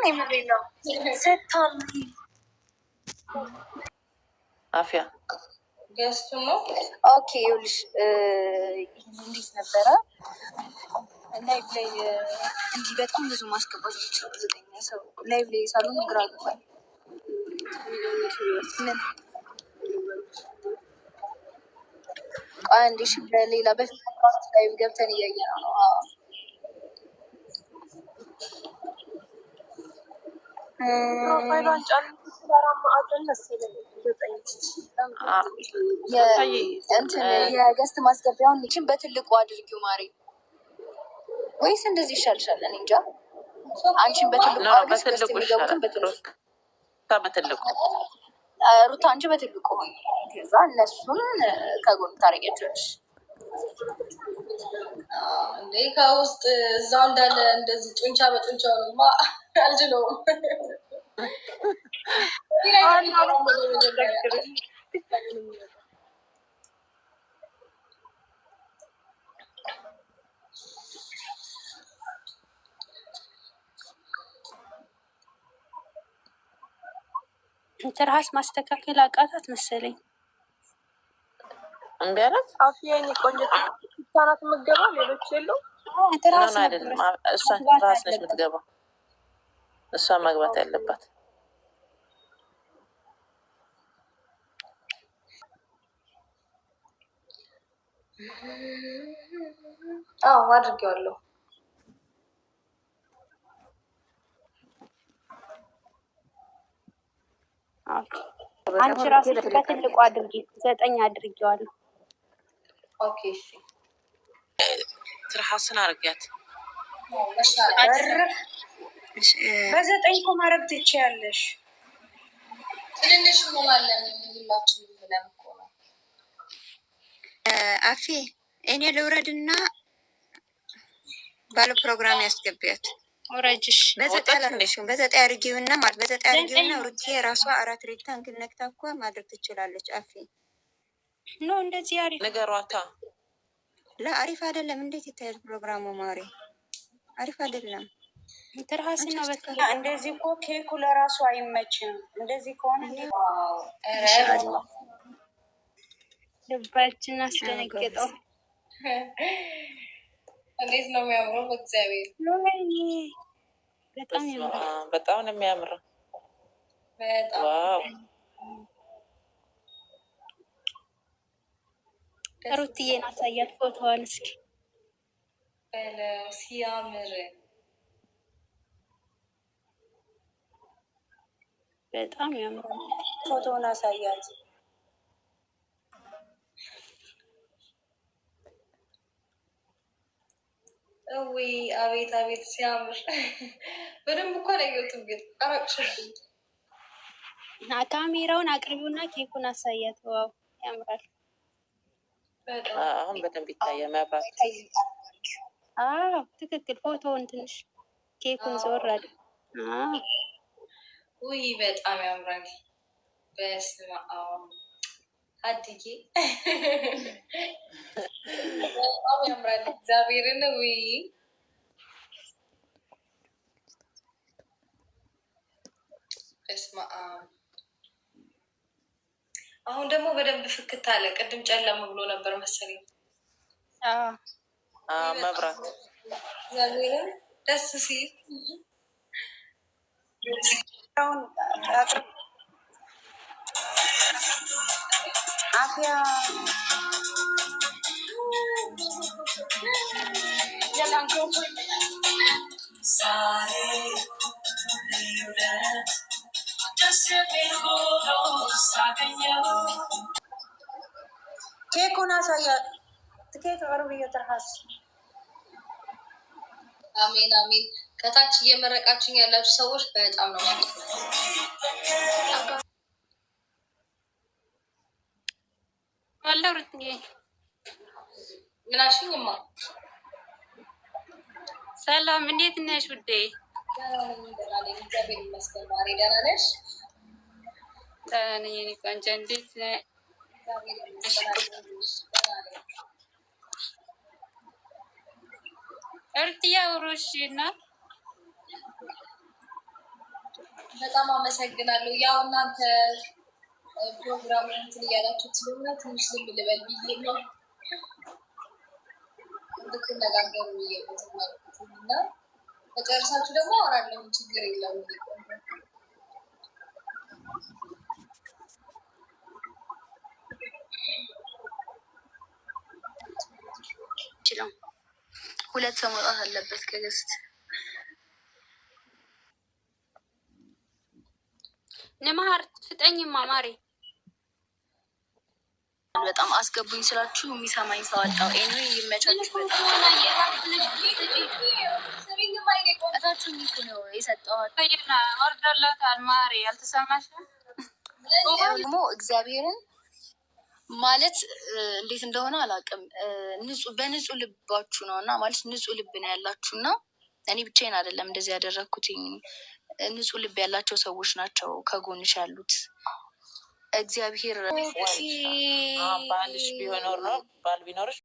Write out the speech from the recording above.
ነው የምለው። ስታልኝ ገስቱ ነው። ኦኬ ይኸውልሽ፣ እንዴት ነበረ ላይቭ ላይ እንዲህ በጣም ብዙ ማስገባት ዘጠኛ ሰው ላይቭ ላይ ሳሉን ግራ ገባል። ቆይ አንዴ፣ በሌላ በፊት ላይቭ ገብተን እያየ ነው የገስት ማስገቢያውን ልጅን በትልቁ አድርጊው ማሪ፣ ወይስ እንደዚህ ይሻልሻል? እኔ እንጃ። አንቺን በትልቁ በትልቁ ሩታ፣ አንቺ በትልቁ ሆኝ፣ ከዛ እነሱን ከጎን ታረጊያቸዋለሽ። እንዴ ከውስጥ እዛው እንዳለ እንደዚህ ጡንቻ በጡንቻ አልችለውም። ትራስ ማስተካከል አቃታት መሰለኝ። እምቢ አላት። ቆንጆ ናት የምትገባ፣ ሌሎች የለው አይደለም። እሷ ራስ ነች የምትገባ፣ እሷ መግባት ያለባት አዎ አድርጌዋለሁ። አንቺ ራስሽ በትልቁ አድርጊ፣ ዘጠኝ አድርጌዋለሁ። ኦኬ እሺ። ትርሃስን አርጊያት። በዘጠኝ እኮ ማድረግ ትችያለሽ። ትንንሽ ሆናለን አፌ እኔ ልውረድና ባለ ፕሮግራም ያስገቢያት ውረጅሽ። በዘጠኝ አርጊውና ማለት በዘጠኝ አርጊውና ሩኪ የራሷ አራት ሬታ እንግነግታ እኮ ማድረግ ትችላለች። አፌ ኖ እንደዚህ አሪፍ ነገሯታ ለአሪፍ አይደለም። እንዴት ይታያል ፕሮግራሙ? ማሪ አሪፍ አይደለም። ትርሃስና በቃ እንደዚህ እኮ ኬኩ ለራሱ አይመችም። እንደዚህ ከሆነ ልባችን አስደነገጠው። እንዴት ነው የሚያምረው! እግዚአብሔር በጣም ነው የሚያምረው። በጣም ሩትዬን አሳያት ፎቶዋን እስኪ። ሲያምር በጣም ያምራል። ፎቶውን አሳያት። እዊ አቤት አቤት ሲያምር በደንብ እኮ አላየሁትም፣ ግን ካሜራውን አቅርቢውና ኬኩን አሳያት። ዋው ያምራል። አሁን በደንብ ይታያል መብራት። ትክክል። ፎቶውን ትንሽ ኬኩን ዘወር አለ። ውይ በጣም ያምራል። በስመ አብ አድጌ በጣም ያምራል። እግዚአብሔርን ውይ በስመ አብ አሁን ደግሞ በደንብ ፍክት አለ። ቅድም ጨለም ብሎ ነበር መሰለኝ መብራት ደስ ሲል አፍያ ኬኩን አሳያ ትኬት ቀርብ እየተርሀስ አሜን አሜን። ከታች እየመረቃችሁኝ ያላችሁ ሰዎች በጣም ነው አለው ርትዬ ምናሽኝ ማ ሰላም፣ እንዴት ነሽ ውዴ? እግዚአብሔር ይመስገን። ማሬ ደህና ነሽ? ደህና ነኝ የእኔ ቆንጆ፣ እንዴት ነህ? እርትዬ አውሮሽ እና በጣም አመሰግናለሁ። ያው እናንተ ፕሮግራም እንትን እያላችሁት ስለሆነ ትንሽ ዝም ልበል ብዬ ነው እንድትነጋገሩ ብዬ ነው ደግሞ አወራለሁ፣ ችግር የለውም። የምንችለው። ሁለት ሰው መውጣት አለበት ከገስት ፍጠኝ ማማሪ በጣም አስገቡኝ ስላችሁ የሚሰማኝ ሰው አጣው። ኤኒ ይመቻችሁ። እታችሁ ሚኩ ነው አልተሰማሽም ደግሞ እግዚአብሔርን ማለት እንዴት እንደሆነ አላውቅም። በንጹህ ልባችሁ ነው እና ማለት ንጹህ ልብ ነው ያላችሁ እና እኔ ብቻዬን አይደለም እንደዚህ ያደረግኩትኝ። ንጹህ ልብ ያላቸው ሰዎች ናቸው ከጎንሽ ያሉት። እግዚአብሔር ባልሽ ቢሆን ባል ቢኖርሽ